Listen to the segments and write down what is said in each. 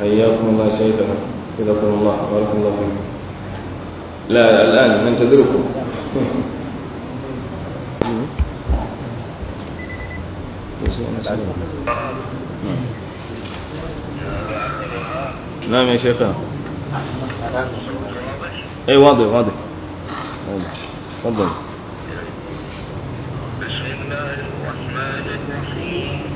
حياكم الله سيدنا جزاكم الله بارك الله فيكم لا الآن ننتظركم نعم يا شيخنا اي واضح واضح واضح تفضل بسم الله الرحمن الرحيم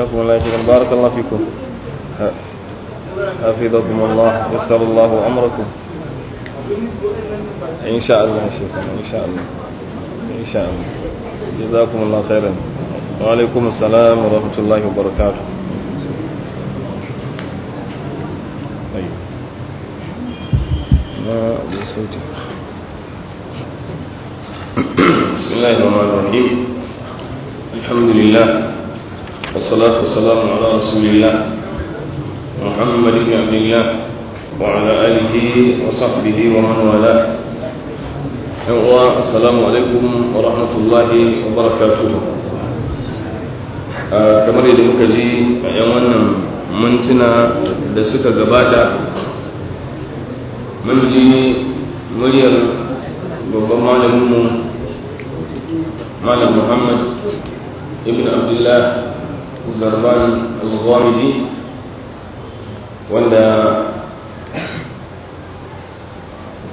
وإياكم الله شكرا بارك الله فيكم حفظكم الله يسر الله امركم إن شاء الله شكرا إن شاء الله إن شاء الله جزاكم الله خيرا وعليكم السلام ورحمة الله وبركاته الله محمد بن عبد الله وعلى آله وصحبه ومن والاه السلام عليكم ورحمة الله وبركاته kamar yadda muka ji a 'yan wannan mintuna da suka gabata mun ji muryar babban malaminmu malam muhammad ibn abdullah zarban al wanda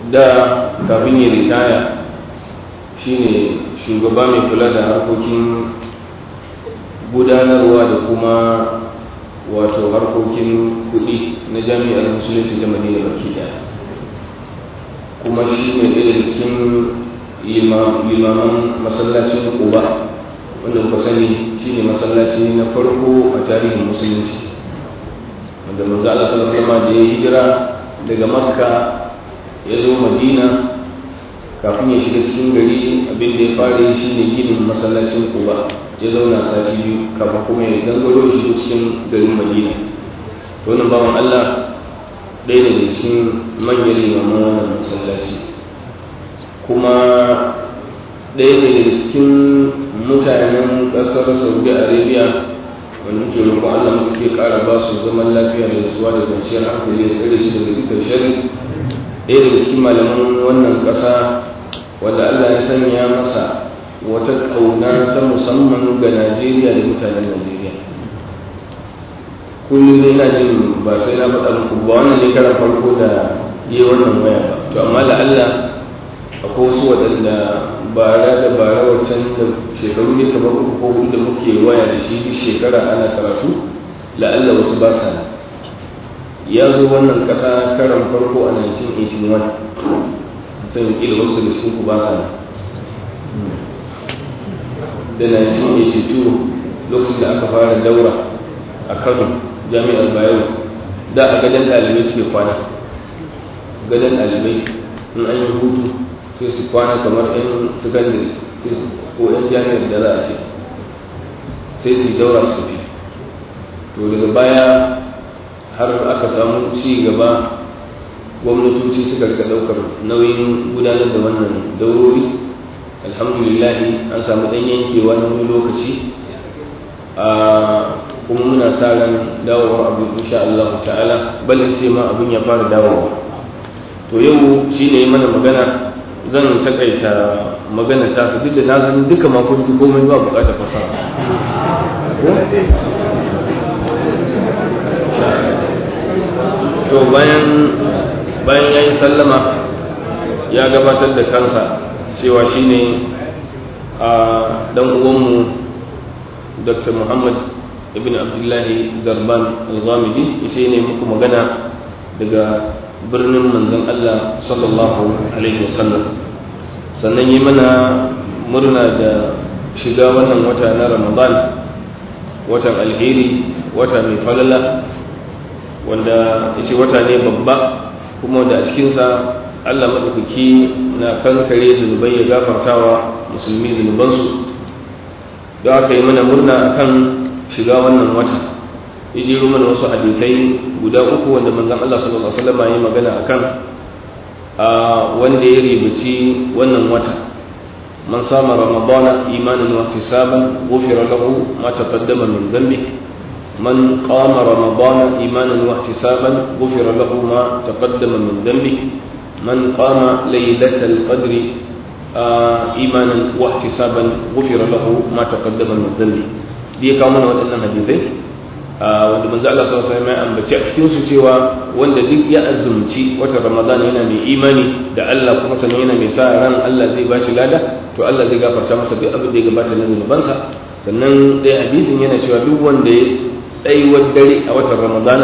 da kafin ya ritaya shine shugaba mai kula da harkokin gudanarwa da kuma wato harkokin kudi na jami'ar musulunci ta madina baki daya kuma shi ne ɗaya cikin limaman masallacin uba wanda fasani sani shine masallaci na farko a tarihin musulunci wanda manzo Allah sallallahu alaihi da ya yi hijira daga makka ya zo madina kafin ya shiga cikin gari abinda ya fara shi ne ginin masallacin kuba ya zauna sati biyu kafin kuma ya dangaro shi cikin garin madina to wannan bawan Allah ɗaya daga cikin manyan limaman wannan masallaci kuma ɗaya daga cikin mutanen ƙasar saudi arabia wanda muke roƙon allah muke ƙara ba su zaman lafiya da zuwa da kwanciyar hankali ya tsare shi daga dukkan shari ɗaya daga cikin malaman wannan ƙasa wanda allah ya sanya masa wata ƙauna ta musamman ga najeriya da mutanen najeriya kullum dai na jin ba sai na faɗa muku ba wannan ne karan farko da yi wannan waya ba to amma allah akwai wasu waɗanda bara da bara wancan da shekaru ne kamar uku ko hudu da muke waya da shi duk shekara ana karatu la'alla wasu ba sa ya zo wannan kasa karan farko a 1981 sai kila wasu da cikin ku ba sa da 1982 lokacin da aka fara daura a kano jami'ar bayero da a gadon ɗalibai suke kwana gadon ɗalibai in an yi hutu sai su kwana kamar 'yan sakandare ko yan jami'ar da za a ce sai su daura su fi to daga baya har aka samu ci gaba gwamnatoci suka ga daukar nauyin gudanar da wannan daurori alhamdulillahi an samu ɗan yankewa na wani lokaci kuma muna sa ran dawowar abu insha Allah ta'ala balin sai ma abun ya fara dawowa to yau shi shine mana magana zan takaita magana ta su duk da na duka ma komai ba bukatar fasaha to bayan bayan yayi sallama ya gabatar da kansa cewa shine a dan uwanmu Dr. Muhammad ibn Abdullahi Zarban al shi ne muku magana daga birnin manzon Allah sallallahu alaihi wasallam sannan yi mana murna da shiga wannan wata na Ramadan watan alheri wata mai falala wanda yace wata ne babba kuma da a cikinsa Allah madaukaki na kankare zunubai ya gafartawa musulmi zunubansu da aka yi mana murna kan shiga wannan wata ya jero mana wasu hadisai guda uku wanda manzon Allah sallallahu alaihi wasallam ya magana akan a wanda ya ribaci wannan wata man sama ramadana imanan wa ihtisaban ghufira lahu ma taqaddama min dhanbihi man qama ramadana imanan wa ihtisaban ghufira lahu ma taqaddama min dhanbihi man qama laylatal qadri imanan wa ihtisaban ghufira lahu ma taqaddama min dhanbihi dai kawo mana waɗannan hadisai wanda manzo Allah sallallahu alaihi wasallam ambaci a cikin su cewa wanda duk ya azumci watan Ramadan yana mai imani da Allah kuma sanin yana mai sa ran Allah zai bashi lada to Allah zai gafarta masa duk abin da ya gabata na zunubansa sannan dai hadisin yana cewa duk wanda ya tsayuwar dare a watan Ramadan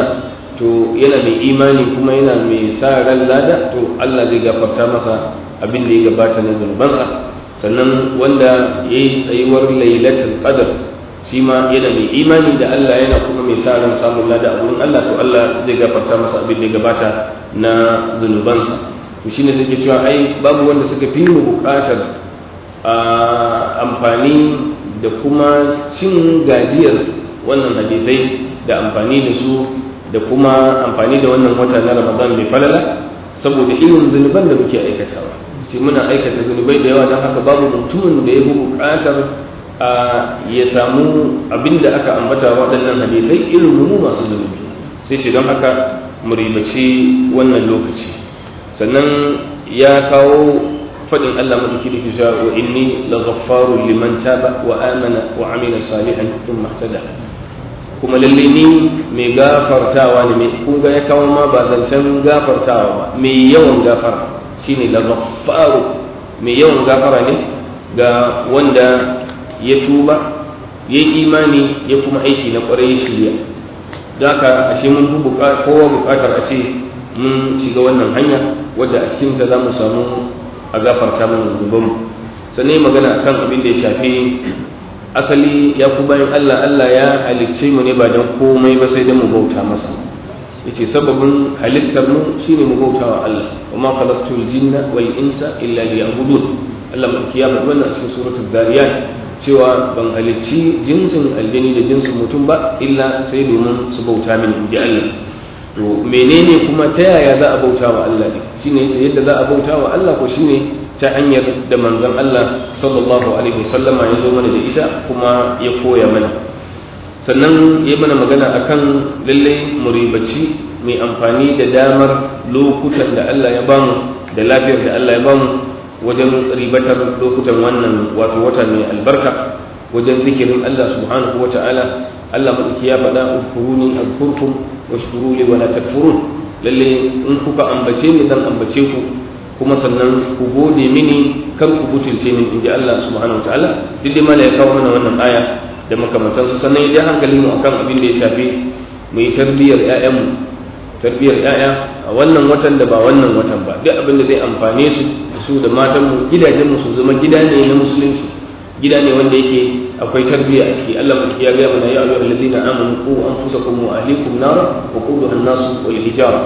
to yana mai imani kuma yana mai sa ran lada to Allah zai gafarta masa abin da ya gabata na zunubansa sannan wanda yayi tsayuwar lailatul qadr shi ma yana mai imani da Allah yana kuma mai sa ran samun lada a wurin Allah to Allah zai gafarta masa abin da ya gabata na zunubansa to shine take cewa ai babu wanda suka fi mu bukatar amfani da kuma cin gajiyar wannan hadisai da amfani da su da kuma amfani da wannan wata na Ramadan mai falala saboda irin zunuban da muke aikatawa sai muna aikata zunubai da yawa don haka babu mutumin da ya fi bukatar ya samu abinda aka ambata waɗannan hadithai irin mu masu zunubi sai shi don haka muribaci wannan lokaci sannan ya kawo faɗin Allah maɗauki da kisa wa inni la ghaffaru liman taba wa amana wa amila salihan thumma ihtada kuma lalle ni mai gafartawa ne mai kun ya kawo ma ba zancen gafartawa ba mai yawan gafara shine la ghaffaru mai yawan gafara ne ga wanda ya tuba ya yi imani ya kuma aiki na kwarai shirya da ka ashe mun fi kowa bukatar a ce mun shiga wannan hanya wadda a cikin ta za mu samu a gafarta mana zunubanmu sannan magana a kan abin da ya shafi asali ya ku bayan Allah Allah ya halicce mu ne ba don komai ba sai don mu bauta masa ce sababin halittar mu shine mu bauta wa Allah wa ma khalaqtul jinna wal insa illa liya'budun Allah mu kiyama wannan cikin suratul dariyat cewa ban halicci jinsin aljani da jinsin mutum ba illa sai domin su bauta mini in ji Allah to menene kuma ta yaya za a bauta wa Allah ne shine yace yadda za a bauta wa Allah ko shine ta hanyar da manzon Allah sallallahu alaihi wasallam ya zo mana da ita kuma ya koya mana sannan ya mana magana akan lallai muribaci mai amfani da damar lokutan da Allah ya bamu da lafiyar da Allah ya bamu wajen ribatar lokutan wannan wato wata mai albarka wajen zikirin Allah subhanahu wa ta'ala Allah madauki ya faɗa ukuruni azkurkum wasu li wala takfurun lalle in kuka ambace ni zan ambace ku kuma sannan ku gode mini kan ku butulce ni inji Allah subhanahu wa ta'ala duk mana ya kawo mana wannan aya da makamantansu sannan ya hankali mu akan abin da ya shafi mai yi tarbiyyar 'ya'yanmu tarbiyyar 'ya'ya a wannan watan da ba wannan watan ba duk abin da zai amfane su su da matan mu gidajen mu su zama gida ne na musulunci gida ne wanda yake akwai tarbiyya a ciki Allah mu ya ga mana ya ayyuhal ladina amanu qu anfusakum wa ahlikum nara wa quduha an-nas wal hijara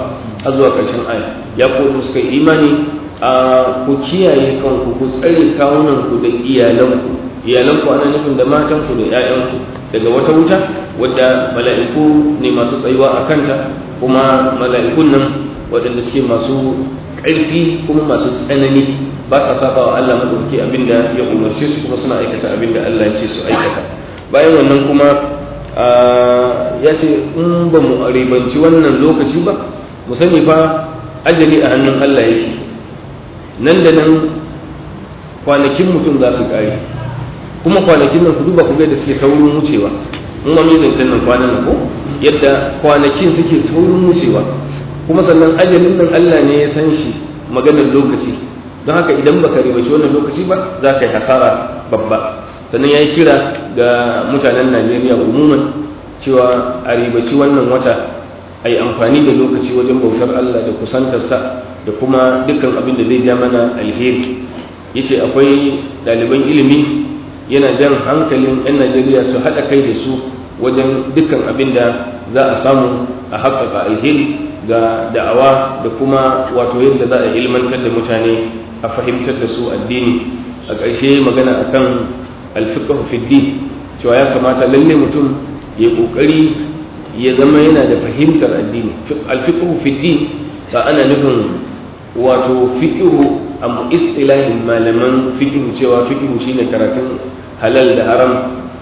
har zuwa karshen aya ya ku suka imani a ku kiyaye kanku ku tsare kawunan ku da iyalanku iyalanku ana nufin da matanku da 'ya'yanku daga wata wuta wadda mala'iku ne masu tsayuwa a kanta kuma mala'ikun nan waɗanda suke masu ƙarfi kuma masu tsanani ba sa saba wa Allah abin abinda ya umarce su kuma suna aikata abinda Allah ya ce su aikata bayan wannan kuma ya ce in ba mu ribanci wannan lokaci ba mu sani fa ajali a hannun Allah yake nan da nan kwanakin mutum za su ƙare kuma kwanakin nan ku duba ku da suke saurin wucewa mun wani zantan nan kwanan na ko yadda kwanakin suke saurin wucewa kuma sannan ajalin nan Allah ne ya san shi maganar lokaci don haka idan baka ribaci wannan lokaci ba za ka yi hasara babba sannan ya yi kira ga mutanen najeriya umuman cewa a ribaci wannan wata a yi amfani da lokaci wajen bautar allah da kusantarsa da kuma dukkan abin da zai ja mana alheri ya ce akwai ɗaliban ilimi yana jan hankalin 'yan najeriya su haɗa kai da su wajen dukkan abin da za a samu a haƙaƙa alheri ga da'awa da kuma wato yadda za a ilmantar da mutane a fahimtar da su addini a ƙarshe magana a kan alfiƙar fiddi cewa ya kamata lalle mutum ya ƙoƙari ya zama yana da fahimtar addini alfiƙar fiddi ba ana nufin wato fiqhu a istilahin malaman fiqhu cewa shi ne karatun halal da haram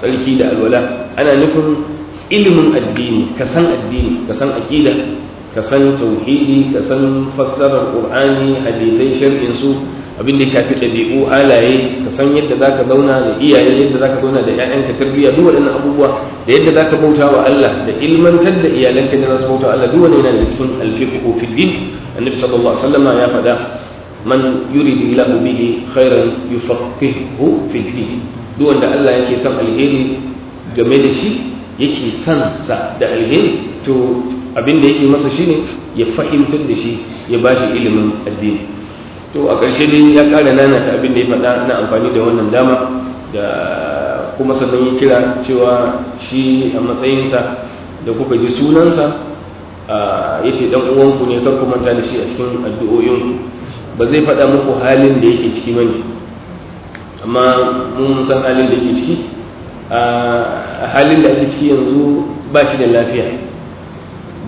tsarki da alwala ana nufin ilimin addini kasan addini kasan aƙida. ka san tauhidi ka san fassarar qur'ani hadithai shar'in su abin da ya shafi ɗabi'u alaye, ka san yadda zaka zauna da iyaye yadda zaka zauna da ƴaƴanka tarbiyya duk waɗannan abubuwa da yadda zaka bauta wa Allah da ilmantar da iyalanka da zasu bauta Allah duk wani yana da cikin alfiqhu fi din annabi sallallahu alaihi wasallam ya faɗa man yuridillahu bihi khairan yufaqihu fi din duk wanda Allah yake son alheri game da shi yake son sa da alheri to abin da yake masa shine ya fahimtar da shi ya ba shi ilimin addini to a ƙarshe dai ya ƙara nanata abin da ya faɗa na amfani da wannan dama da kuma sannan ya kira cewa shi a matsayinsa da kuka ji sunansa ya ce ɗan uwanku ne kan kuma ta da shi a cikin addu'o'in ba zai faɗa muku halin da yake ciki bane amma mun san halin da yake ciki a halin da ake ciki yanzu ba shi da lafiya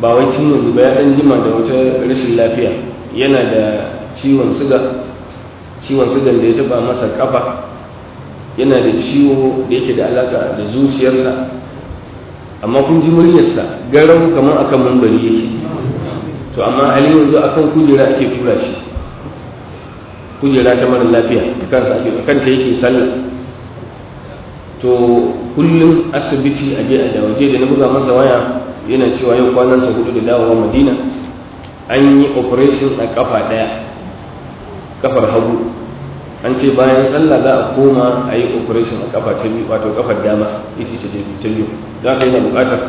ba wai tun yanzu ba ya ɗan jima da wata rashin lafiya yana da ciwon siga ciwon sigan da ya taba masa kafa yana da ciwo da yake da alaka da zuciyarsa amma kun ji muryarsa garau kamar akan mambari yake to amma halin yanzu akan kujera ake tura shi kujera ta mara lafiya da kansa ake kanta yake sallah to kullum asibiti a je a da waje da na buga masa waya yana cewa yau kwanan sa hudu da dawowa madina an yi operation a kafa daya kafar hagu an ce bayan sallah za a koma a yi operation a kafa ta biyu wato kafar dama ita ce ta biyu za ka yana bukatar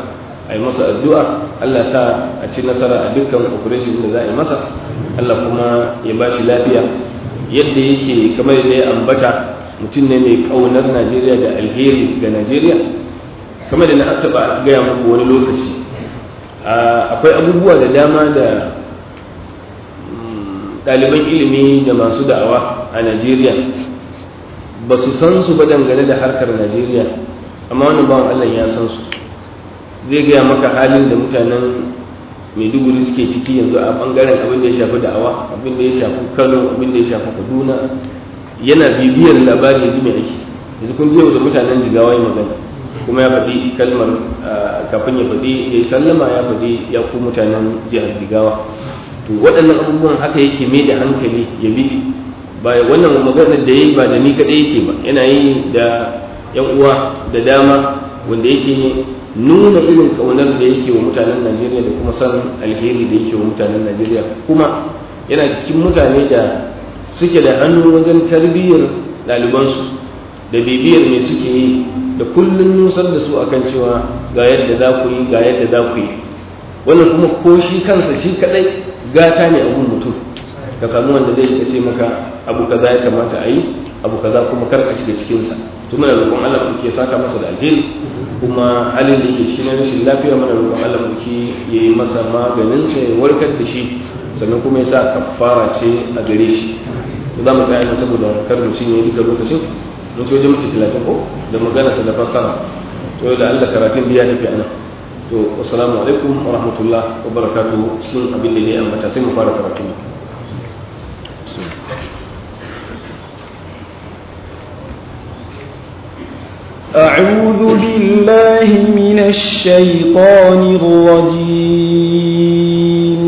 a yi masa addu'a allah sa a ci nasara a dukkan operation da za a yi masa allah kuma ya ba shi lafiya yadda yake kamar da ya ambata mutum ne mai kaunar najeriya da alheri ga najeriya kamar da na taba gaya muku wani lokaci akwai abubuwa da dama da mm, ɗaliban ilimi da masu da'awa a najeriya ba su san su ba dangane da harkar najeriya amma wani bawan allah ya san su zai gaya maka halin da mutanen maiduguri suke ciki yanzu a bangaren abin da ya shafi da'awa abin da ya shafi kano abin da ya shafi kaduna yana bibiyar labari yanzu mai ake yanzu kun je da mutanen jigawa yi magana kuma ya faɗi kalmar ah, kafin ya faɗi ya yi sallama ya faɗi ya ku mutanen jihar jigawa to waɗannan abubuwan haka yake mai da hankali ya bi ba wannan maganar da ya yi ba da ni kaɗai yake ba yana yi da yan uwa da dama wanda yake nuna irin kaunar da yake wa mutanen najeriya da kuma san alheri da yake wa mutanen najeriya kuma yana cikin mutane da suke da hannu wajen tarbiyyar ɗalibansu da bibiyar mai suke yi da kullum nusar da su akan cewa ga yadda za ku yi ga yadda za ku yi wannan kuma ko shi kansa shi kadai gata ne abun mutum ka samu wanda zai ce maka abu kaza ya kamata a yi abu kaza kuma kar ka shiga cikinsa to da roƙon Allah ku ke saka masa da alheri kuma halin da yake cikin rashin lafiya muna roƙon Allah ku ke yayi masa maganin sa ya warkar da shi sannan kuma ya sa kafara ce a gare shi za mu tsaya saboda kar mu cinye duka lokacin mun ci wajen mutu talatin ko da magana sa da fassara to da Allah karatun biya tafi ana to assalamu alaikum wa rahmatullah wa barakatuhu sun abin da ne ambata sai mu fara karatun أعوذ بالله من الشيطان الرجيم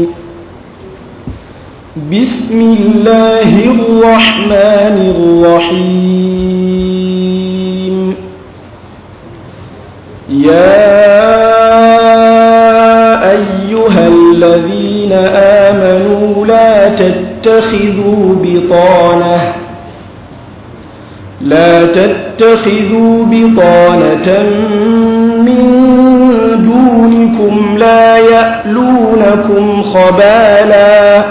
بسم الله الرحمن الرحيم يا أيها الذين آمنوا لا تتخذوا بطانة لا تتخذوا بطانة من دونكم لا يألونكم خبالا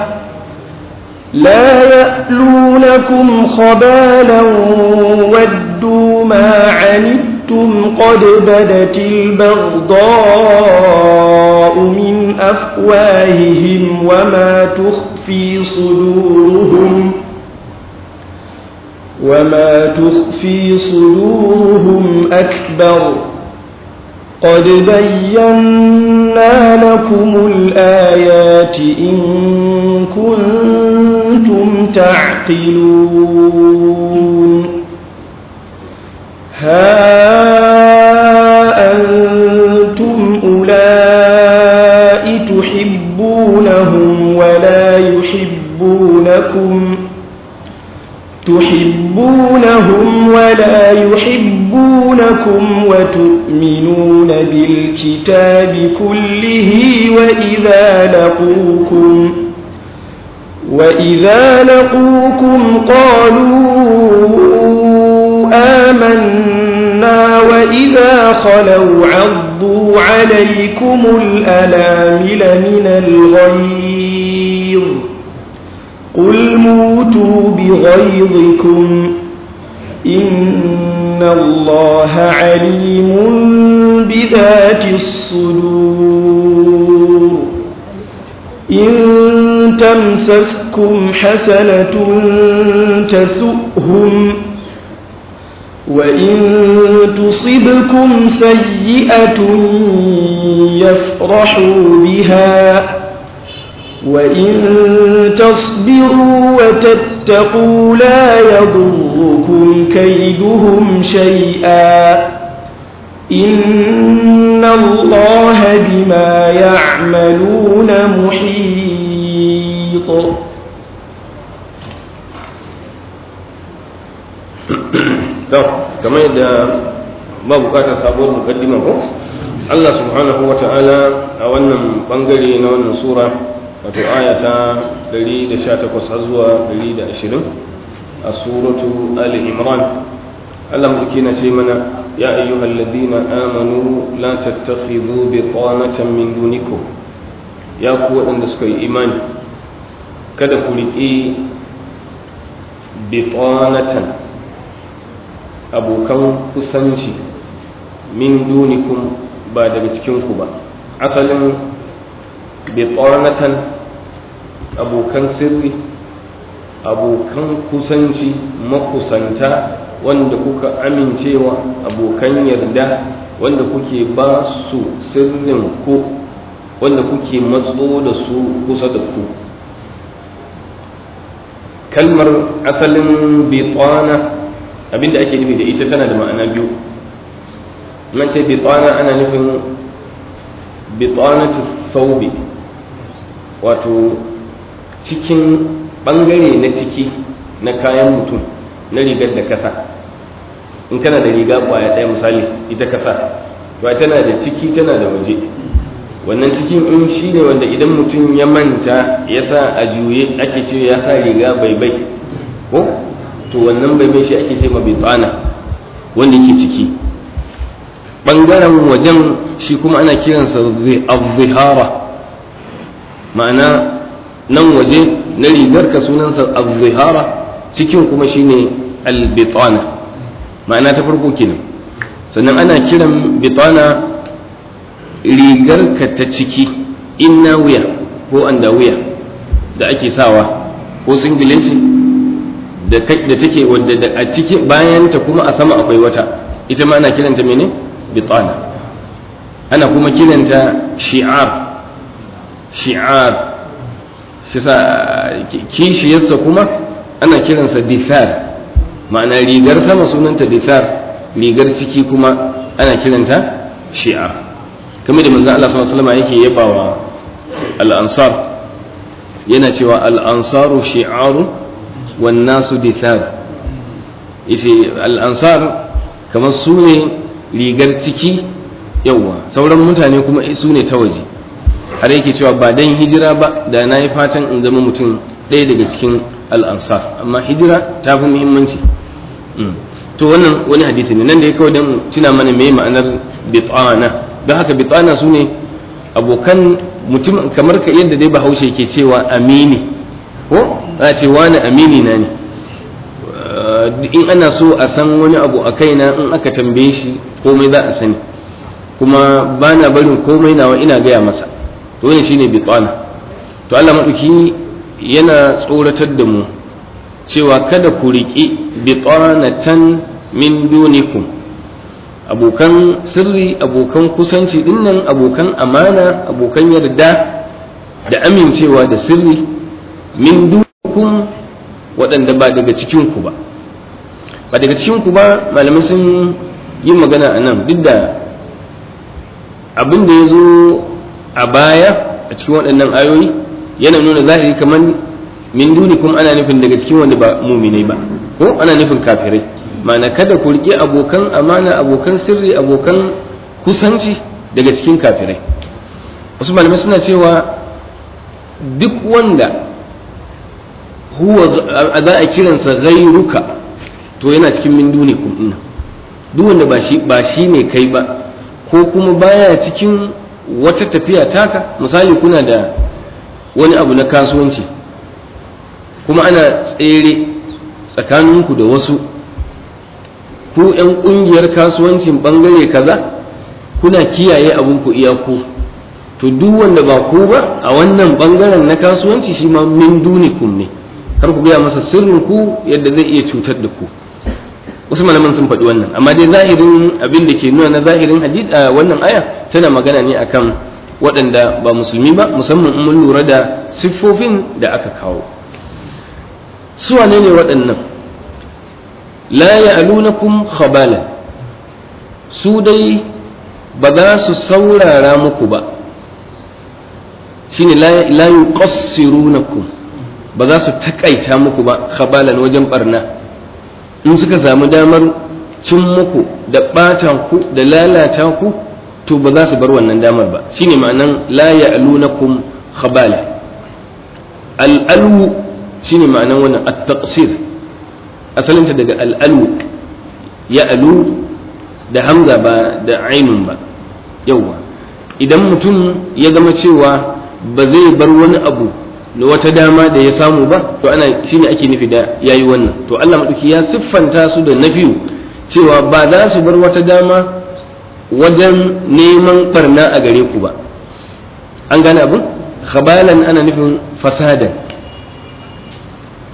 لا يألونكم خبالا ودوا ما عنتم أنتم قد بدت البغضاء من أفواههم وما تخفي صدورهم وما تخفي صدورهم أكبر قد بينا لكم الآيات إن كنتم تعقلون ها أنتم أولئك تحبونهم ولا يحبونكم تحبونهم ولا يحبونكم وتؤمنون بالكتاب كله وإذا لقوكم وإذا لقوكم قالوا آمنا وإذا خلوا عضوا عليكم الألامل من الغيظ قل موتوا بغيظكم إن الله عليم بذات الصدور إن تمسسكم حسنة تسؤهم وإن تصبكم سيئة يفرحوا بها وإن تصبروا وتتقوا لا يضركم كيدهم شيئا إن الله بما يعملون محيط to kamar yadda ba bukatar sabuwar mukaddima ko Allah subhanahu wa ta'ala a wannan bangare na wannan sura wato aya ta 118 har zuwa 120 a suratu ali imran Allah mulki na ce mana ya ayyuhal ladina amanu la tattakhidhu bitanatan min dunikum ya ku waɗanda suka yi imani kada ku riƙi bitanatan abokan kusanci min dunikum ba daga cikinku ba asalin bitornatan abokan sirri abokan kusanci makusanta wanda kuka amincewa abokan yarda wanda kuke ba su sirrin ku wanda kuke matso da su kusa da ku kalmar asalin bitana abinda ake nufi da ita tana da ma'ana biyu nan ce bitana ana nufin bitanatu thawbi wato cikin bangare na ciki na kayan mutum na rigar da kasa in kana da riga kwaya ɗaya misali ita kasa ba tana da ciki tana da waje wannan cikin in shi ne wanda idan mutum ya manta ya sa a juye ake ce ya sa riga bai bai to wannan bai mai shi ake sai ma bitana wanda ke ciki bangaren wajen shi kuma ana kiransa az-zihara ma'ana nan waje na rigar ka sunansa az-zihara cikin kuma shine al-bitana ma'ana ta farko kenan sannan ana kiran bitana rigar ka ta ciki inna wuya ko wuya, da ake sawa ko singilin da take wadda da a ciki bayan ta kuma a sama akwai wata ita ma ana kiranta mene bitana ana kuma kiranta shi'ar shi'ar shi sa kishiyarsa kuma ana kiransa dithar ma'ana rigar sama sunanta dithar rigar ciki kuma ana kiranta shi'ar kamar da manzon Allah sallallahu alaihi wasallam yake yabawa al-ansar yana cewa al-ansaru shi'aru wan nasu dithab yace al kamar su ne rigar ciki yawa sauran mutane kuma su ne ta waje har yake cewa ba dan hijira ba da na yi fatan in zama mutum ɗaya daga cikin al'ansar amma hijira ta fi muhimmanci to wannan wani hadisi ne nan da ya kawai don tuna mana mai ma'anar bitana don haka bitana su ne abokan mutum kamar ka yadda dai bahaushe ke cewa amini ko a ce wani amini na ne in ana so a san wani abu a kaina in aka tambaye shi komai za a sani kuma ba na barin komai nawa ina gaya masa to wani ne bitana to Allah maɗuki yana tsoratar da mu cewa kada ku riƙi bitanatan min dunikum abokan sirri abokan kusanci dinnan abokan amana abokan yarda da amincewa da sirri min dunikum minkum waɗanda ba daga cikin ku ba ba daga cikin ku ba malamai sun yi magana anan duk da abin da ya zo a baya a cikin waɗannan ayoyi yana nuna zahiri kamar min kuma ana nufin daga cikin wanda ba muminai ba ko ana nufin kafirai ma'ana kada ku riƙe abokan amana abokan sirri abokan kusanci daga cikin kafirai wasu malamai suna cewa duk wanda huwa za a kiransa ghairuka to yana cikin min dune kun ina duk wanda ba shi ba shi ne kai ba ko kuma baya cikin wata tafiya taka misali kuna da wani abu na kasuwanci kuma ana tsere tsakaninku da wasu ku 'yan kungiyar kasuwancin bangare kaza kuna kiyaye abinku ku, to duk wanda ba ku ba a wannan bangaren na kasuwanci shi ma min dunikum ne kar ku gaya masa sirrin ku yadda zai iya cutar da ku wasu malaman sun faɗi wannan amma dai zahirin abin da ke nuna na zahirin hadith a wannan aya tana magana ne akan waɗanda ba musulmi ba musamman in mun lura da siffofin da aka kawo su wane ne waɗannan la ya'lunakum khabala su dai ba za su saurara muku ba shine la yuqassirunakum ba za su takaita muku ba khabalan wajen barna in suka samu damar cin muku da batan ku da lalata ku to ba za su bar wannan damar ba shine ma'anan la ya'lunakum khabala al'alwu shine ma'anan wannan at-taqsir asalinta daga al'alwu ya'lu da hamza ba da ainun ba yawwa idan mutum ya zama cewa ba zai bar wani abu na wata dama da ya samu ba to ana shine ake nufi da yayi wannan to Allah madauki ya siffanta su da nafiyu cewa ba za su bar wata dama wajen neman barna a gare ku ba an gane abin khabalan ana nufin fasada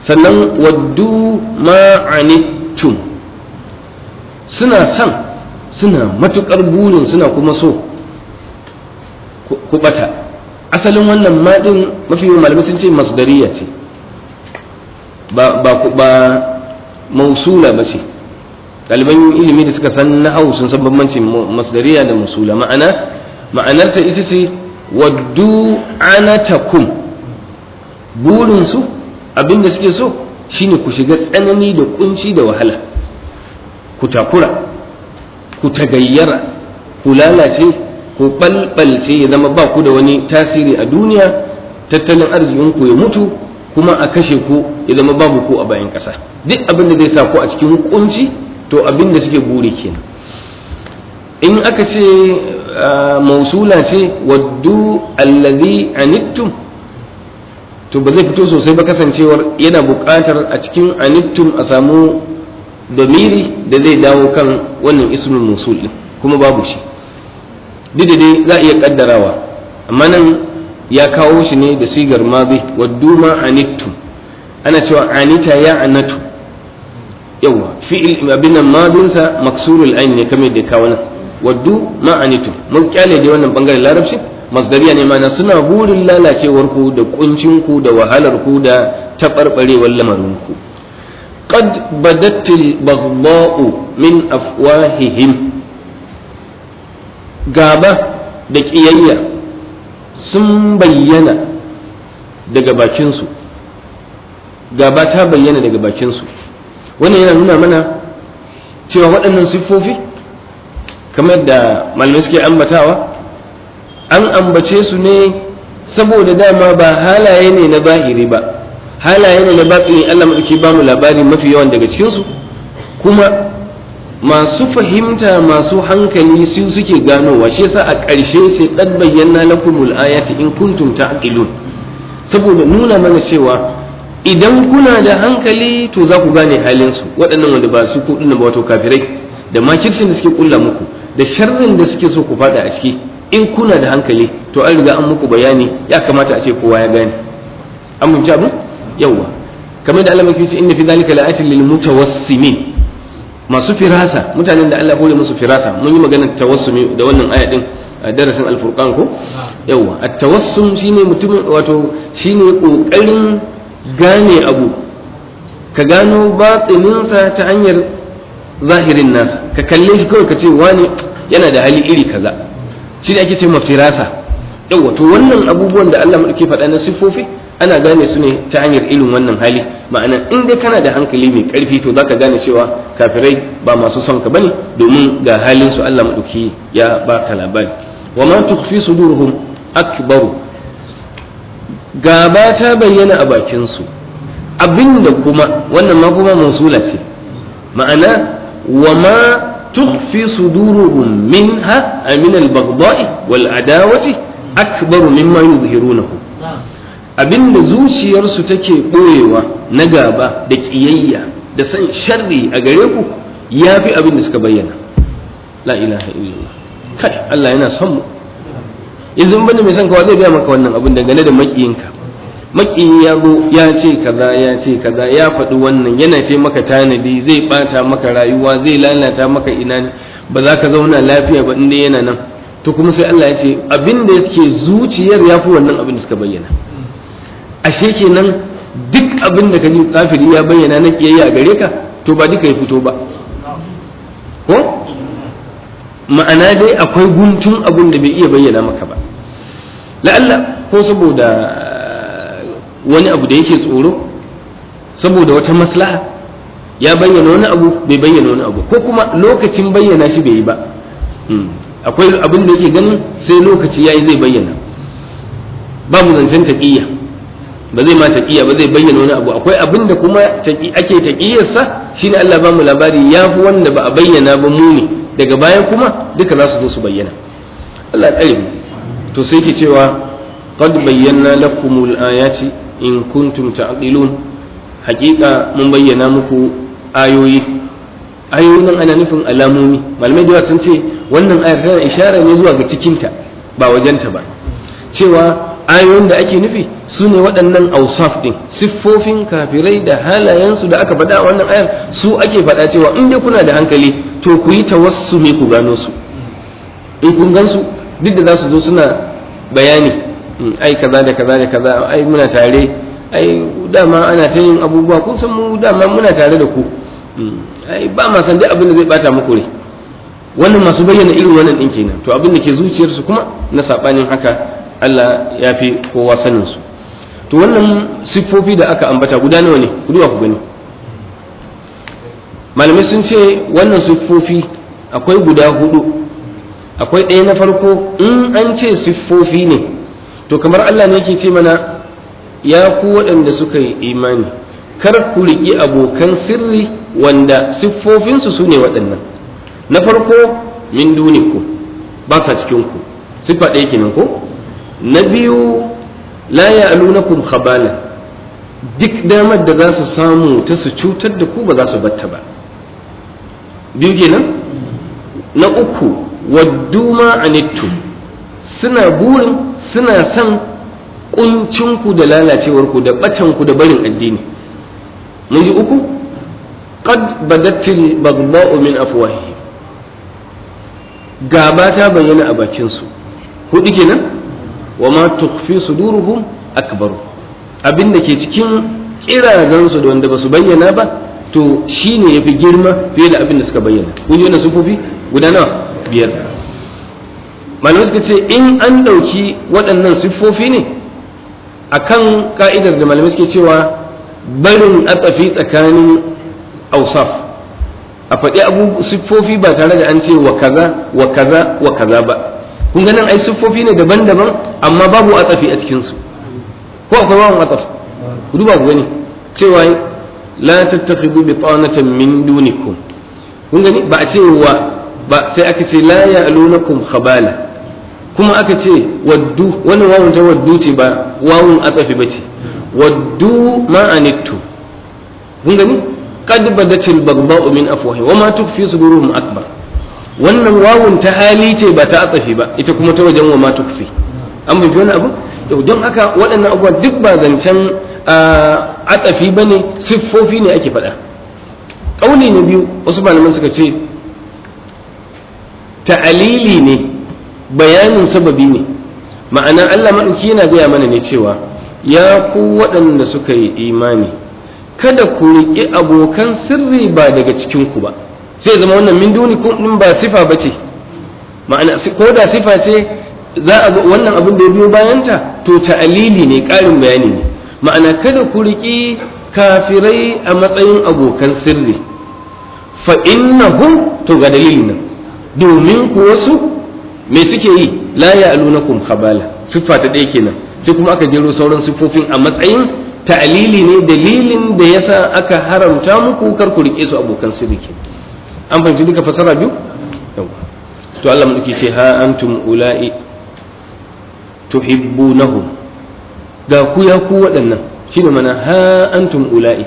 sannan waddu ma anittum suna san suna matukar burin suna kuma so ku bata asalin wannan maɗin din mafi malamai sun ce masdariya ce ba ba mausula ba ce ɗaliban ilimi da suka san na hau sun san bambancin masdariya da mausula ma'ana ma'anarta ita ce waddu anatakum burin su da suke so shine ku shiga tsanani da kunci da wahala ku takura ku tagayyara ku lalace ku balbalce ya zama ba ku da wani tasiri a duniya tattalin arzikin ku ya mutu kuma a kashe ku ya zama babu ku a bayan ƙasa duk abin da zai sa ku a cikin kunci to abin da suke buri kenan in aka ce mausula ce waddu allazi anittum to ba zai fito sosai ba kasancewar yana buƙatar a cikin anittum a samu damiri da zai dawo kan wannan ismin musul kuma babu shi duk da dai za a iya kaddarawa amma nan ya kawo shi ne da sigar mazi waddu ma ana cewa anita ya anatu yawa fi'il abin madinsa maksurul ain ne kamar da kawo nan waddu ma anitu mun kyale da wannan bangaren larabci masdariya ne mana suna burin lalacewar ku da kuncin ku da wahalar ku da tabarbarewar lamarin ku qad badatil baghdha'u min afwahihim gaba da ƙiyayya sun bayyana daga bakinsu gaba ta bayyana daga bakinsu wannan yana nuna mana cewa waɗannan siffofi kamar da malamai suke ambatawa an ambace su ne saboda dama ba halaye ne na bahiri ba halaye ne na baƙi Allah maɗauki ba mu labari mafi yawan daga cikinsu kuma masu fahimta masu hankali su suke ganowa shi yasa a ƙarshe sai ɗan bayyana lakumul ayati in kuntum ta'qilun saboda nuna mana cewa idan kuna da hankali to za ku gane halin su waɗannan wanda ba su kuɗin ba wato kafirai da makircin da suke kulla muku da sharrin da suke so ku fada a ciki in kuna da hankali to an riga an muku bayani ya kamata a ce kowa ya gane an mun yawa kamar da Allah mafi ce inna fi zalika la'atin lil mutawassimin masu firasa mutanen da Allah hore musu firasa mun yi maganar tawassumi da wannan aya din a darasin alfurqan ko yawa at-tawassum shine mutum wato shine kokarin gane abu ka gano sa ta hanyar zahirin nasa ka kalle shi kawai ka ce wani yana da hali iri kaza shi ake ce firasa? yawa to wannan abubuwan da Allah mu ke faɗa na siffofi ana gane su ne ta hanyar irin wannan hali ma'ana in dai kana da hankali mai karfi to zaka gane cewa kafirai ba masu son ka bane domin ga halin su Allah madauki ya baka labari wa ma tukhfi sudurhum akbaru gaba ta bayyana a bakin su abinda kuma wannan ma kuma musula ce ma'ana wa ma tukhfi suduruhum minha min bagdai wal adawati akbaru mimma yuzhirunahu abinda zuciyarsu take ɓoyewa na gaba da ƙiyayya da san sharri a gare ku ya fi abin da suka bayyana la ilaha illallah kai Allah yana son mu yanzu bane mai son kawa zai gaya maka wannan abin dangane da makiyinka makiyi ya go ya ce kaza ya ce kaza ya faɗi wannan yana ce maka tanadi zai ɓata maka rayuwa zai lalata maka ina ne ba za ka zauna lafiya ba inda yana nan to kuma sai Allah ya ce abin da yake zuciyar ya fi wannan abin da suka bayyana ashe kenan duk abin da kaji kafiri ya bayyana na kiyayya a gare ka to ba duka ya fito ba ko ma'ana dai akwai guntun abin da bai iya bayyana maka ba la'alla ko saboda uh, wani abu da yake tsoro saboda wata maslaha ya bayyana wani abu bai bayyana wani abu ko kuma lokacin bayyana shi bai yi ba hmm. akwai abin da yake ganin sai lokaci ya yi zai bayyana babu zancen taƙiyya ba zai ma taqiya ba zai bayyana wani abu akwai abin da kuma ake shi ne Allah ba mu labari ya fi wanda ba a bayyana ba ne daga baya kuma duka za su zo su bayyana Allah tsare mu to sai ke cewa qad bayyana lakumul ayati in kuntum ta'qilun haƙiƙa mun bayyana muku ayoyi ayoyin ana nufin alamomi malamai da sun ce wannan ayar tana ishara ne zuwa ga cikinta ba wajenta ba cewa ayoyin da ake nufi su ne waɗannan ausaf ɗin siffofin kafirai da halayensu da aka faɗa wannan ayar su ake faɗa cewa in dai kuna da hankali to ku yi ta wasu ku gano su in kun su duk da za su zo suna bayani hmm, ai kaza da kaza da kaza ai muna tare ai dama ana ta yin abubuwa kun san mu dama muna tare da ku hmm, ai ba ma san dai abin da zai bata muku rai wannan masu bayyana irin wannan ɗin kenan to abin da ke zuciyarsu kuma na saɓanin haka Allah ya fi kowa sanin su to wannan siffofi da aka ambata guda nawa ne ku duba ku gani malamai sun ce wannan siffofi akwai guda hudu akwai ɗaya na farko in an ce siffofi ne to kamar Allah ne yake ce mana ya ku waɗanda suka yi imani kar ku riƙi abokan sirri wanda siffofinsu su ne waɗannan na farko min duniku ba sa cikinku siffa ɗaya kenan ko na biyu la ya'lunakum khabala duk damar da za su samu ta su cutar da ku ba za su batta ba biyu kenan na uku waddu ma anittum suna burin suna san son ku da lalacewar ku da batan ku da barin addini mun ji uku qad badatil baghdha'u min afwahihim gaba ta bayyana a bakin su hudu kenan wa ma tukfi suduruhum akbar abin da ke cikin su da wanda basu bayyana ba to shine yafi girma fiye da abin da suka bayyana kun yi wannan sufufi guda nawa biyar malamai suka ce in an ɗauki waɗannan siffofi ne akan ka'idar da malamai suke cewa barin atsafi tsakanin ausaf a faɗi abu siffofi ba tare da an ce wa kaza wa kaza wa kaza ba kun ga nan ai siffofi ne daban-daban amma babu atafi a cikin su ko akwai babu atsaf ku duba ku gani cewa la tattakhidu bi tanatan min dunikum kun gani ba a ce wa ba sai aka ce la ya'lunakum khabala kuma aka ce waddu wannan wawun ta waddu ce ba wawun ba ce waddu ma anittu kun gani qad badatil baghdha'u min afwahi wa ma tukfi suduruhum akbar wannan wawun ta hali ce ba ta atsafi ba ita kuma ta wajen wa ma tukfi an bai wani abu yau don haka waɗannan abubuwa duk ba zancen atsafi ba ne siffofi ne ake faɗa ƙauni na biyu wasu malaman suka ce ta'alili ne bayanin sababi ne ma'ana allah maɗauki yana gaya mana ne cewa ya ku waɗanda suka yi imani kada ku riƙi abokan sirri ba daga cikinku ba sai zama wannan min duni din ba sifa bace ma'ana ko da sifa ce za a ga wannan abin da ya biyo bayanta to ta'alili ne karin bayani ne ma'ana kada ku riki kafirai a matsayin abokan sirri fa innahum to ga dalilin nan domin ku wasu me suke yi la ya'lunakum khabala sifa ta ɗaya kenan sai kuma aka jero sauran siffofin a matsayin ta'alili ne dalilin da yasa aka haramta muku kar ku rike su abokan sirri kenan an fahimci duka fasara biyu to Allah mu ce ha antum ula'i tuhibbunahum ga ku ya ku waɗannan shine mana ha antum ula'i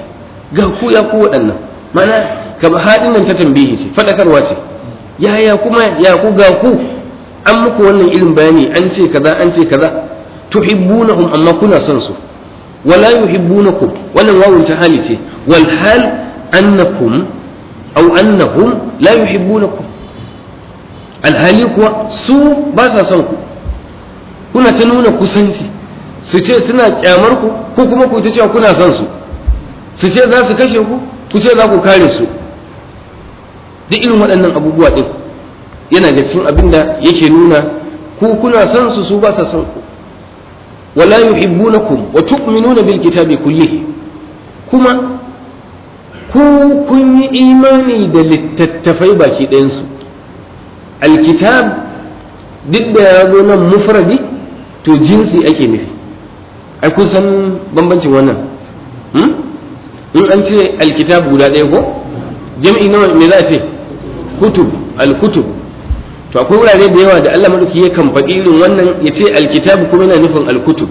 ga ku ya ku waɗannan mana kama haɗin nan ta tambihi ce faɗakarwa ce yaya kuma ya ku ga ku an muku wannan irin bayani an ce kaza an ce kaza tuhibbunahum amma kuna son su wala yuhibbunakum wannan wawun ta hali ce wal hal annakum au annahum la yuhibbunakum alhali kuwa su ba sa son ku kuna ta nuna kusanci su ce suna kyamar ku ko kuma ku ta cewa kuna son su su ce za su kashe ku ku ce za ku kare su duk irin waɗannan abubuwa ɗin yana da cikin abin da yake nuna ku kuna son su su ba son ku wala yuhibbunakum wa tu'minuna bil kitabi kullihi kuma ku kun yi imani da littattafai baki ɗayansu alkitab duk da ya zo nan mufradi to jinsi ake nufi ai kun san bambancin wannan hmm? in an ce alkitab guda ɗaya ko jam'i nawa me za a ce kutub alkutub to akwai wurare da yawa da Allah madauki ya kan faɗi irin wannan ya ce alkitab kuma yana nufin alkutub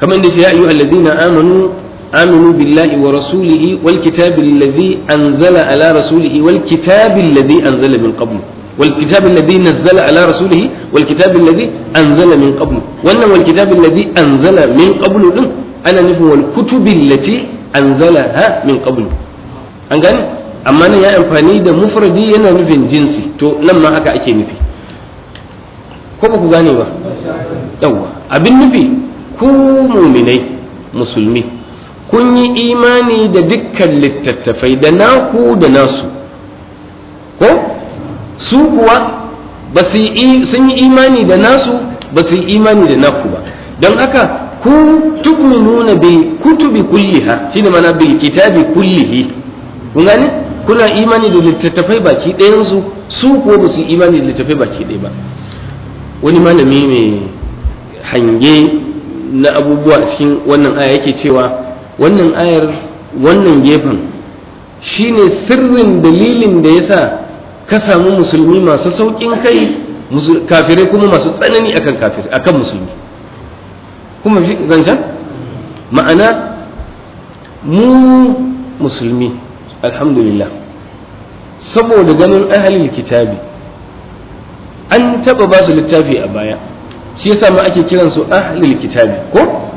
kamar da shi ya ayyuhal ladina amanu aminu billahi wa rasulihi wal kitabil anzala ala rasulihi wal kitabil anzala min qablu wal kitabil ladhi ala rasulihi wal kitabil anzala min qablu wannan wal kitabil anzala min qablu din ana nufin wal kutubil lati anzalaha min qablu an gani amma nan ya amfani da mufradi yana nufin jinsi to nan ma haka ake nufi ko ba ku gane ba abin nufi ku muminai musulmi kun yi imani da dukkan littattafai da naku da nasu ko su kuwa sun yi imani da nasu ba su yi imani da naku ba don haka ku tu'minuna bi kutubi kulliha shine mana bil kitabi kullihi kun gane kuna imani da littattafai baki ɗayan su su kuwa ba su yi imani da littattafai baki ɗaya ba wani malami mai hange na abubuwa cikin wannan aya yake cewa wannan ayar wannan gefen shine sirrin dalilin da ya sa ka samu musulmi masu sauƙin kai kafirai kuma masu tsanani akan kafirai akan musulmi kuma zancen ma'ana mu musulmi alhamdulillah saboda ganin ahalil kitabi an taɓa ba su littafi a baya shi yasa ma ake kiransu ahalil kitabi ko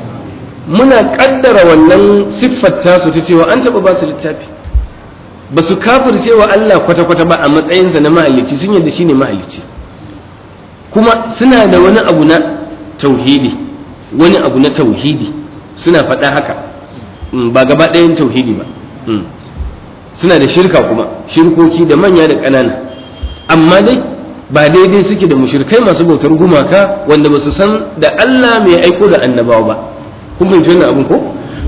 muna kaddara wannan siffar tasu ta cewa an taɓa ba su littafi ba su kafir cewa Allah kwata-kwata ba a matsayinsa na ma'alici sun yadda shi ne ma'alici kuma suna da wani abu na tauhidi wani abu na tauhidi suna faɗa haka mm, ba gaba ɗayan tauhidi ba mm. suna da shirka kuma shirkoki da manya da ƙanana amma dai ba daidai suke da mushirkai masu bautar gumaka wanda ba su san da Allah mai aiko da annabawa ba kun bai wannan abin ko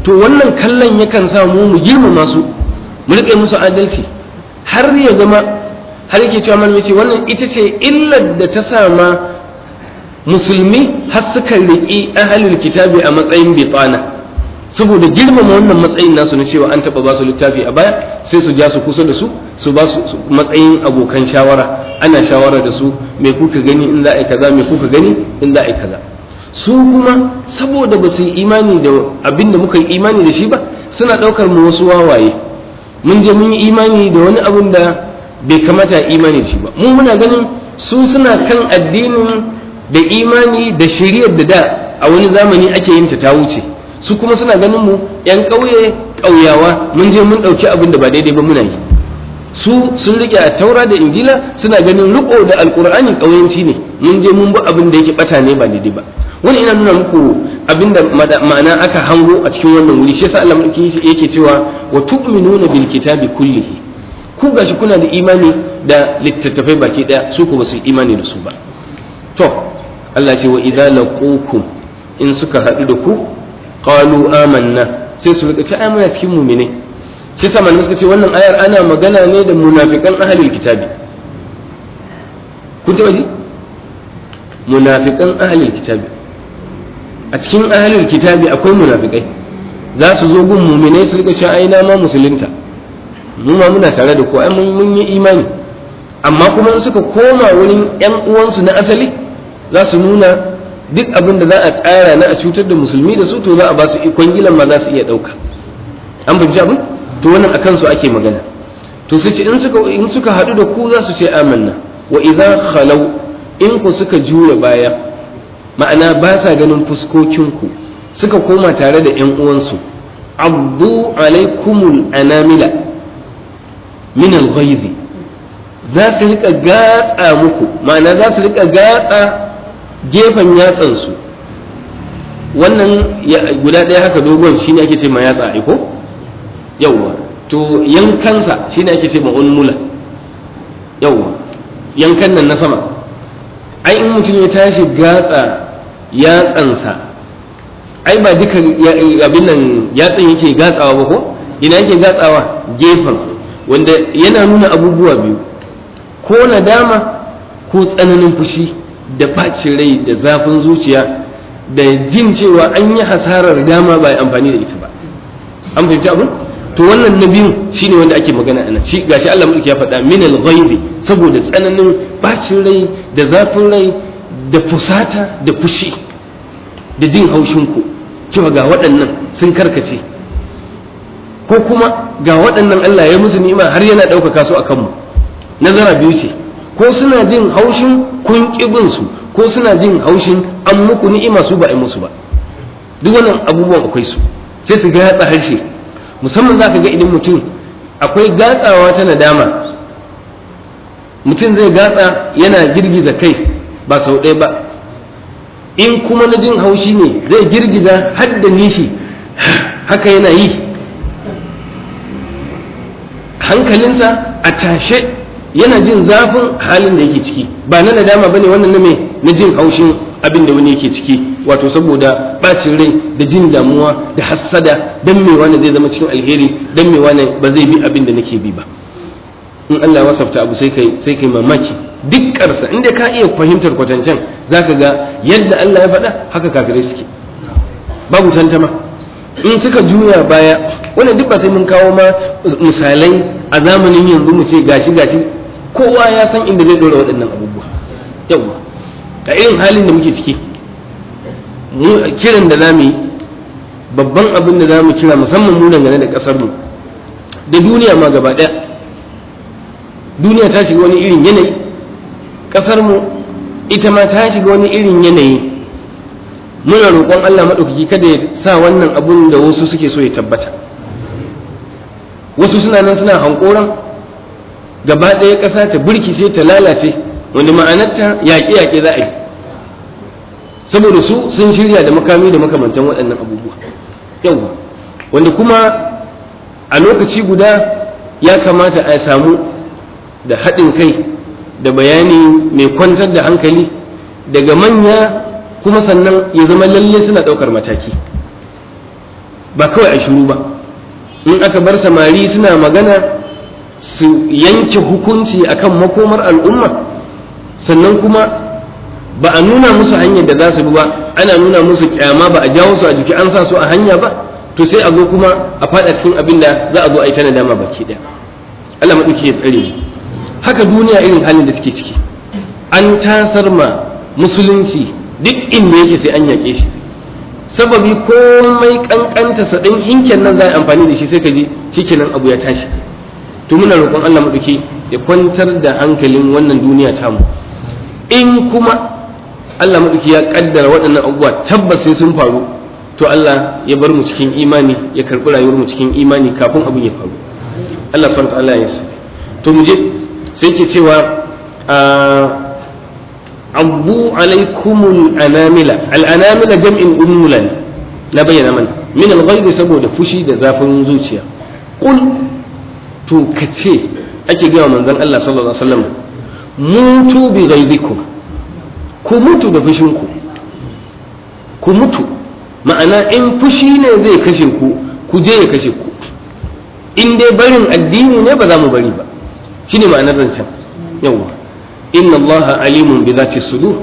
to wannan kallon yakan sa mu mu girmama su mu riƙe musu adalci har ya zama har yake cewa malami ce wannan ita ce illar da ta sama musulmi har suka riƙi ahalul kitabi a matsayin bitana saboda girmama wannan matsayin nasu na cewa an taɓa ba su littafi a baya sai su ja su kusa da su su ba su matsayin abokan shawara ana shawara da su me kuka gani in za a yi kaza me kuka gani in za a yi kaza su kuma saboda ba su yi imani da abin da muka yi imani da shi ba suna ɗaukar mu wasu wawaye mun je mun yi imani da wani abin da bai kamata imani shi ba mu muna ganin su suna kan addinin da imani da shari'ar da da a wani zamani ake yin ta ta wuce su kuma suna ganin mu yan ƙauye ƙauyawa mun je mun ɗauki abin da ba daidai ba muna yi su sun rike a taura da injila suna ganin riko da alƙur'ani ƙauyanci ne mun je mun bi abin da yake ɓata ne ba daidai ba wani ina nuna muku abinda ma'ana aka hango a cikin wannan wuri shi yasa Allah yake cewa wa tu'minuna bil kitabi kullihi ku gashi kuna da imani da littattafai baki daya su ku basu imani da su ba to Allah ce wa idza laqukum in suka haɗu da ku qalu amanna sai su rika ce ai muna cikin mu'mine shi yasa malamai suka ce wannan ayar ana magana ne da munafikan ahlul kitabi kun ta ji munafikan ahlul kitabi a cikin ahalin kitabi akwai munafikai za su zo gun muminai su rika cewa aina ma musulunta mu muna tare da ku mun yi imani amma kuma in suka koma wurin yan uwansu na asali za su nuna duk abin da za a tsara na a cutar da musulmi da su to za a ba su ikon gilan ma za su iya ɗauka an fahimci abin to wannan a kansu ake magana to su ce in suka in suka haɗu da ku za su ce amanna wa idza khalau in ku suka jure baya ma'ana ba sa ganin fuskokinku suka koma tare da 'yan uwansu abdu alaikumul anamila min alghaizi za su rika gatsa muku ma'ana za su rika gatsa gefen yatsansu wannan guda ɗaya haka dogon shine ake ce ma yatsa aiko yauwa to yankansa shine ake ce ma unmula yauwa yankan nan na sama ai in mutum ya tashi gatsa tsansa ai ba dukan abin nan yatsan yake gatsawa ba ko ina yake gatsawa gefen wanda yana nuna abubuwa biyu ko nadama ko tsananin fushi da bacin rai da zafin zuciya da jin cewa an yi hasarar dama ba amfani da ita ba an fahimci abin to wannan na biyu shine wanda ake magana Ga shi gashi Allah mulki ya faɗa min al saboda tsananin bacin rai da zafin rai da fusata da fushi da jin haushinku cewa ga waɗannan sun karkace ko kuma ga waɗannan Allah ya musu ni'ima har yana ɗaukaka su a kanmu nazara biyu ce ko suna jin haushin kun ƙibin ko suna jin haushin an muku ni'ima su ba a musu ba duk wannan abubuwan akwai su sai su gatsa harshe musamman za ka ga idan mutum akwai gatsawa ta nadama mutum zai gatsa yana girgiza kai ba sau ɗaya ba in kuma na jin haushi ne zai girgiza hadda nishi haka yana yi hankalinsa a tashe yana jin zafin halin da yake ciki ba na nadama bane wannan na mai na jin haushin abin da wani yake ciki wato saboda bacin rai da jin damuwa da hassada don me wani zai zama cikin alheri don me wani ba zai bi abin da nake bi ba in Allah wasafta abu sai ka sai kai mamaki Dukkarsa inda ka iya fahimtar kwatancen ka ga yadda Allah ya faɗa haka kafirai suke babu tantama in suka juya baya wani duk ba sai mun kawo ma misalai a zamanin yanzu mu ce gashi gashi kowa ya san inda zai dora waɗannan abubuwa yawa a irin halin da muke ciki mu kiran da zamu yi babban abin da zamu kira musamman mu dangane da kasar mu da duniya ma gaba ɗaya. duniya ta shiga wani irin yanayi mu ita ma ta shiga wani irin yanayi muna roƙon Allah maɗaukaki kada ya sa wannan abun da wasu suke so ya tabbata wasu suna nan suna hankoran gaba ɗaya ƙasa ta burki sai ta lalace wanda ma'anarta yaƙe-yaƙe za a yi saboda su sun shirya da makami da makamantan waɗannan abubuwa yau wanda kuma a lokaci guda ya kamata a samu da haɗin kai da bayani mai kwantar da hankali daga manya kuma sannan ya zama lalle suna ɗaukar mataki ba kawai a shiru ba in aka bar samari suna magana su yanke hukunci akan makomar al'umma sannan kuma ba a nuna musu hanyar da za su bi ba ana nuna musu kyama ba a jawo su a jiki an sa su a hanya ba to sai a zo kuma a faɗa cikin abin da za a zo a yi ta nadama baki ɗaya Allah maɗauki ya tsare mu haka duniya irin halin da suke ciki an tasar ma musulunci duk inda yake sai an yaƙe shi sababi komai ƙanƙanta sa ɗin inken nan za a amfani da shi sai ka ji nan abu ya tashi to muna roƙon Allah maɗuki ya kwantar da hankalin wannan duniya tamu in kuma Allah maɗuki ya ƙaddara waɗannan abubuwa tabbas sai sun faru to Allah ya bar mu cikin imani ya karɓi rayuwar mu cikin imani kafin abin ya faru Allah subhanahu wa ta'ala ya yi to mu je sai cewa ah, abu alaikumul anamila al'anamila jam'in ummula ne na bayyana mana min alghaibi saboda fushi da zafin zuciya qul to kace ake gaya manzon Allah sallallahu alaihi wasallam mutu bi ghaibikum ku mutu da fushinku ku mutu ma'ana in fushi ne zai kashe ku ku je ya kashe ku in dai barin addini ne ba za mu bari ba shine ma'anar zancen yawa inna allaha alimun bi zati sudur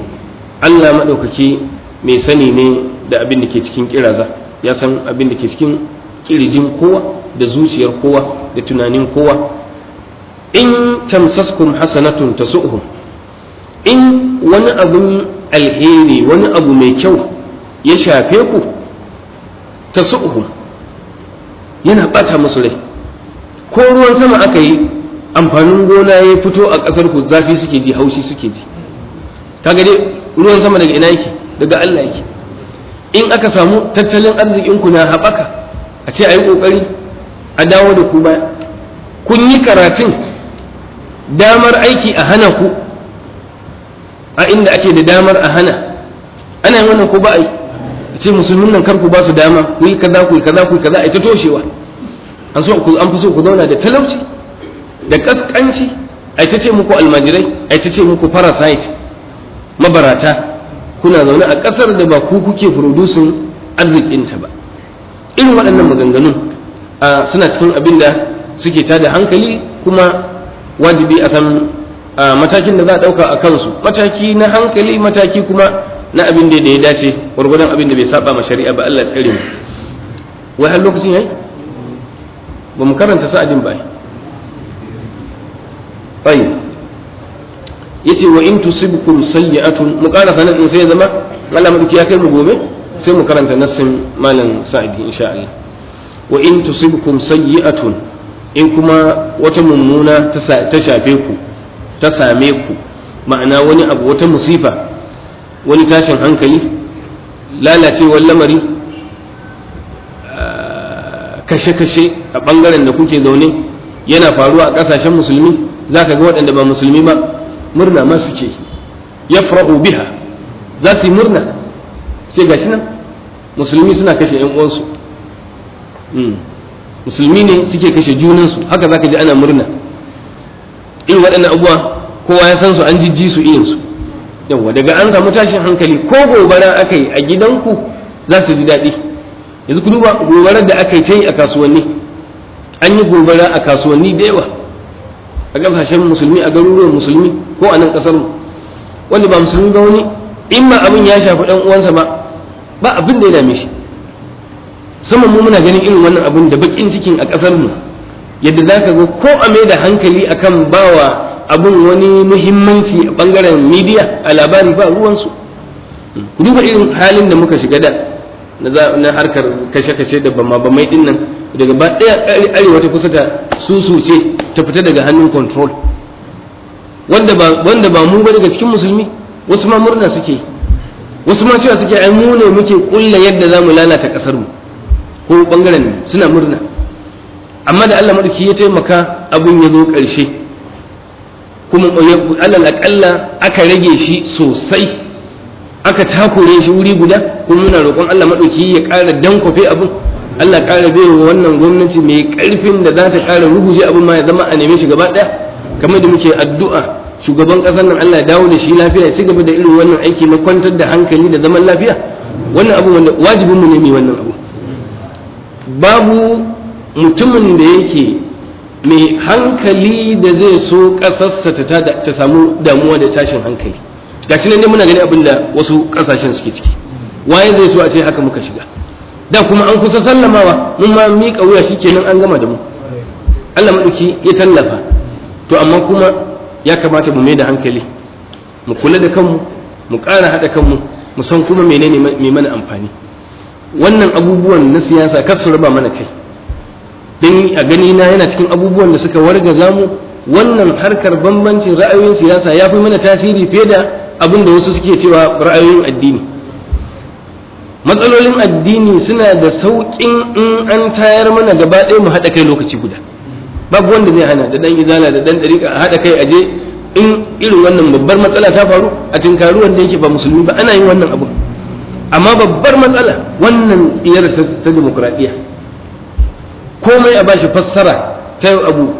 Allah madaukaki mai sani ne da abin da ke cikin kiraza ya san abin da ke cikin kirjin kowa da zuciyar kowa da tunanin kowa in tamsaskum hasanatun tasu'hum in wani abun alheri wani abu mai kyau ya shafe ku tasu'hum yana bata musu rai ko ruwan sama aka yi amfanin gona ya fito a ƙasar ku zafi suke ji haushi suke ji kaga dai ruwan sama daga ina yake daga Allah yake in aka samu tattalin arzikin ku na haɓaka a ce a yi ƙoƙari a dawo da ku ba kun yi karatun damar aiki a hana ku a inda ake da damar a hana ana yin wannan ko ba a yi a ce musulmin nan karku ba su dama ku yi kaza ku yi kaza ku yi kaza a ita toshewa an so an fi so ku zauna da talauci da kaskanci a ita ce muku almajirai a ita ce muku parasite mabarata kuna zaune a kasar da ba ku kuke furudusun arzikinta ba irin waɗannan maganganun suna cikin abin da suke tada hankali kuma wajibi a san matakin da za a ɗauka a kansu mataki na hankali mataki kuma na abin da ya dace gwargwadon abin da bai saba ma shari'a ba Allah tsare mu wai har lokacin yayi ba mu karanta sa'adin ba tayyib yace wa in tusibkum sayyi'atun mu kara sanan in sai zama Allah mu kai mu gobe sai mu karanta nassin malam sa'idi insha Allah wa in tusibkum sayyi'atun in kuma wata mummuna ta shafe ku ta same ku ma'ana wani abu wata musifa wani tashin hankali lalacewar lamari kashe-kashe a ɓangaren da kuke zaune yana faruwa a ƙasashen musulmi za ka ga waɗanda ba musulmi ba murna ma suke yafra'u biha za su yi murna sai gashi nan musulmi suna kashe yan hmm. musulmi ne suke kashe junansu haka za ka ji ana murna In waɗanda abubuwa kowa ya san su an jijji su irin su daga an samu tashin hankali ko gobara aka yi a gidanku za su ji daɗi yanzu ku duba gobarar da aka yi ta yi a kasuwanni an yi gobara a kasuwanni da yawa a ƙasashen musulmi a garuruwan musulmi ko a nan kasar mu wanda ba musulmi ba wani in ma abin ya shafi dan uwansa ba ba abin da ya dame shi sama mu muna ganin irin wannan abin da bakin cikin a kasar mu yadda za ka ga ko a mai da hankali akan bawa abin wani muhimmanci a bangaren midiya a labari ba ruwansu ku duba irin halin da muka shiga da na harkar kashe-kashe da bama bamai dinnan. daga ba daya arewa ta kusa ta susuce ta fita daga hannun control wanda ba wanda mu ba daga cikin musulmi wasu ma murna suke wasu ma cewa suke ai mu ne muke kulla yadda za mu lalata kasar mu ko bangaren suna murna amma da Allah madauki ya taimaka abun ya zo karshe kuma alal aƙalla aka rage shi sosai aka takure shi wuri guda kuma muna roƙon Allah madauki ya ƙara dankwafe abin? Allah ƙara bai wa wannan gwamnati mai ƙarfin da za ta ƙara ruguje abin ma ya zama a neme shi gaba ɗaya kamar da muke addu'a shugaban ƙasar nan Allah ya dawo da shi lafiya ya ci gaba da irin wannan aiki na kwantar da hankali da zaman lafiya wannan abu wanda wajibin mu ne mai wannan abu babu mutumin da yake mai hankali da zai so ƙasarsa ta samu damuwa da tashin hankali gashi nan ne muna gani abin da wasu ƙasashen suke ciki waye zai so a ce haka muka shiga da kuma an kusa sallamawa mun ma miƙa wuya shi kenan an gama da mu Allah maɗauki ya tallafa to amma kuma ya kamata mu mai da hankali mu kula da kanmu mu ƙara haɗa kanmu mu san kuma menene mai mana amfani wannan abubuwan na siyasa kar su raba mana kai don a gani na yana cikin abubuwan da suka warga zamu, wannan harkar bambancin ra'ayoyin siyasa ya fi mana tasiri fiye da abin da wasu suke cewa ra'ayoyin addini matsalolin addini suna da sauƙin in an tayar mana gaba ɗaya mu haɗa kai lokaci guda babu wanda zai hana da ɗan izala da ɗan ɗariƙa a haɗa kai aje in irin wannan babbar matsala ta faru a tinkari wanda yake ba musulmi ba ana yin wannan abu amma babbar matsala wannan tsiyar ta demokuraɗiyya komai a bashi fassara ta abu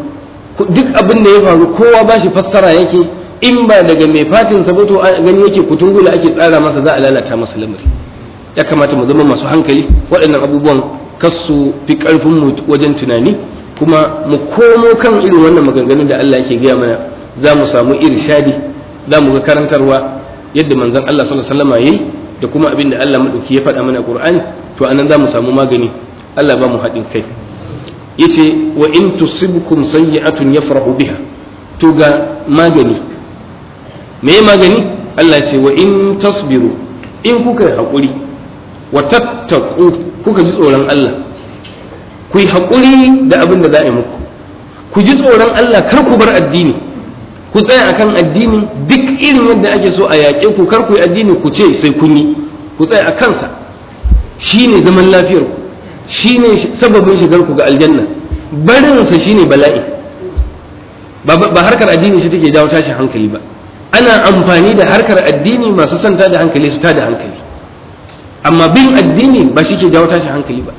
duk abin da ya faru kowa bashi fassara yake in ba daga mai fatin sabato gani yake kutungula ake tsara masa za a lalata masa lamari ya kamata mu zama masu hankali waɗannan abubuwan kasu fi ƙarfin mu wajen tunani kuma mu komo kan irin wannan maganganun da Allah yake gaya mana za mu samu irshadi za mu ga karantarwa yadda manzon Allah sallallahu alaihi wasallam yayi da kuma abin da Allah madauki ya faɗa mana Qur'ani to anan za mu samu magani Allah ba mu haɗin kai yace wa in tusibkum sayyi'atun yafrahu biha to ga magani me magani Allah ce wa in tasbiru in kuka yi haƙuri wa tattaku kuka ji tsoron Allah ku yi haƙuri da abin da za a yi muku ku ji tsoron Allah kar ku bar addini ku tsaya akan addini duk irin yadda ake so a yaƙe ku kar ku yi addini ku ce sai kun yi ku tsaya a kansa shine zaman lafiyar ku shine sababin shigar ku ga aljanna barinsa shine bala'i ba harkar addini shi take dawo tashin hankali ba ana amfani da harkar addini masu santa da hankali su tada hankali amma bin addini ba shi ke jawo tashin hankali ba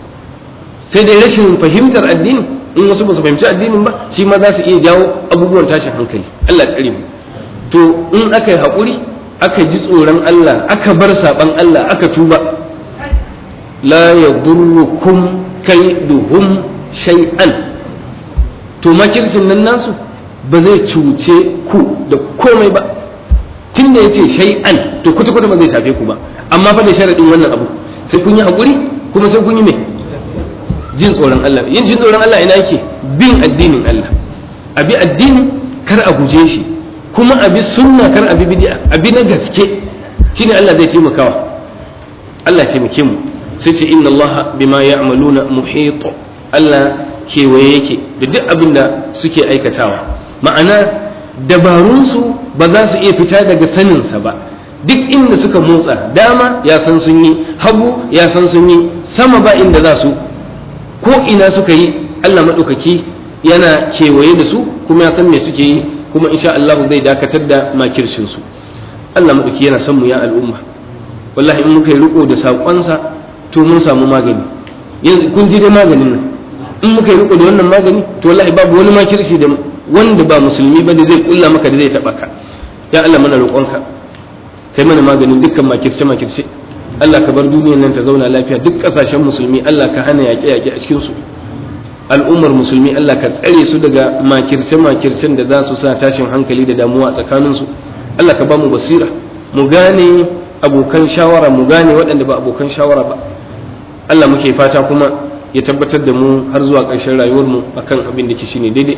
sai dai rashin fahimtar addini in wasu ba su fahimci addinin ba shi ma za su iya jawo abubuwan tashin hankali Allah tsare mu to in aka yi haƙuri aka ji tsoron Allah aka bar saɓan Allah aka tuba la kai kaiduhum shay'an to makircin nan nasu ba zai cuce ku da komai ba tun da ya ce shay'an to kuta kuta ba zai shafe ku ba amma fa da sharaɗin wannan abu sai kun yi haƙuri kuma sai kun yi mai jin tsoron Allah yin jin tsoron Allah ina yake bin addinin Allah a bi addini kar a guje shi kuma a bi sunna kar a bi bid'a a bi na gaske shine Allah zai taimakawa Allah taimake mu sai ce inna Allah bima ya'maluna muhit Allah kewaye yake da duk abin da suke aikatawa ma'ana dabarunsu ba za su iya fita daga saninsa ba duk inda suka motsa dama ya san sun yi hagu ya san sun yi sama ba inda za su ko ina suka yi allah maɗaukaki yana kewaye da su kuma ya san me suke yi kuma insha Allah zai dakatar da makircinsu Allah maɗauki yana son mu ya al'umma wallahi in muka yi riko da saƙonsa to mun samu magani yanzu kun ji dai maganin nan in muka yi riko da wannan magani to wallahi babu wani makirci da wanda ba musulmi ba da zai kulla maka da zai taɓa ka ya Allah mana roƙonka kai mana maganin dukkan makirce makirce Allah ka bar duniyar nan ta zauna lafiya duk ƙasashen musulmi Allah ka hana yaƙe yaƙe a cikin su al'ummar musulmi Allah ka tsare su daga makirce makircen da za su sa tashin hankali da damuwa tsakanin su Allah ka ba mu basira mu gane abokan shawara mu gane waɗanda ba abokan shawara ba Allah muke fata kuma ya tabbatar da mu har zuwa ƙarshen rayuwarmu akan abin da ke shine daidai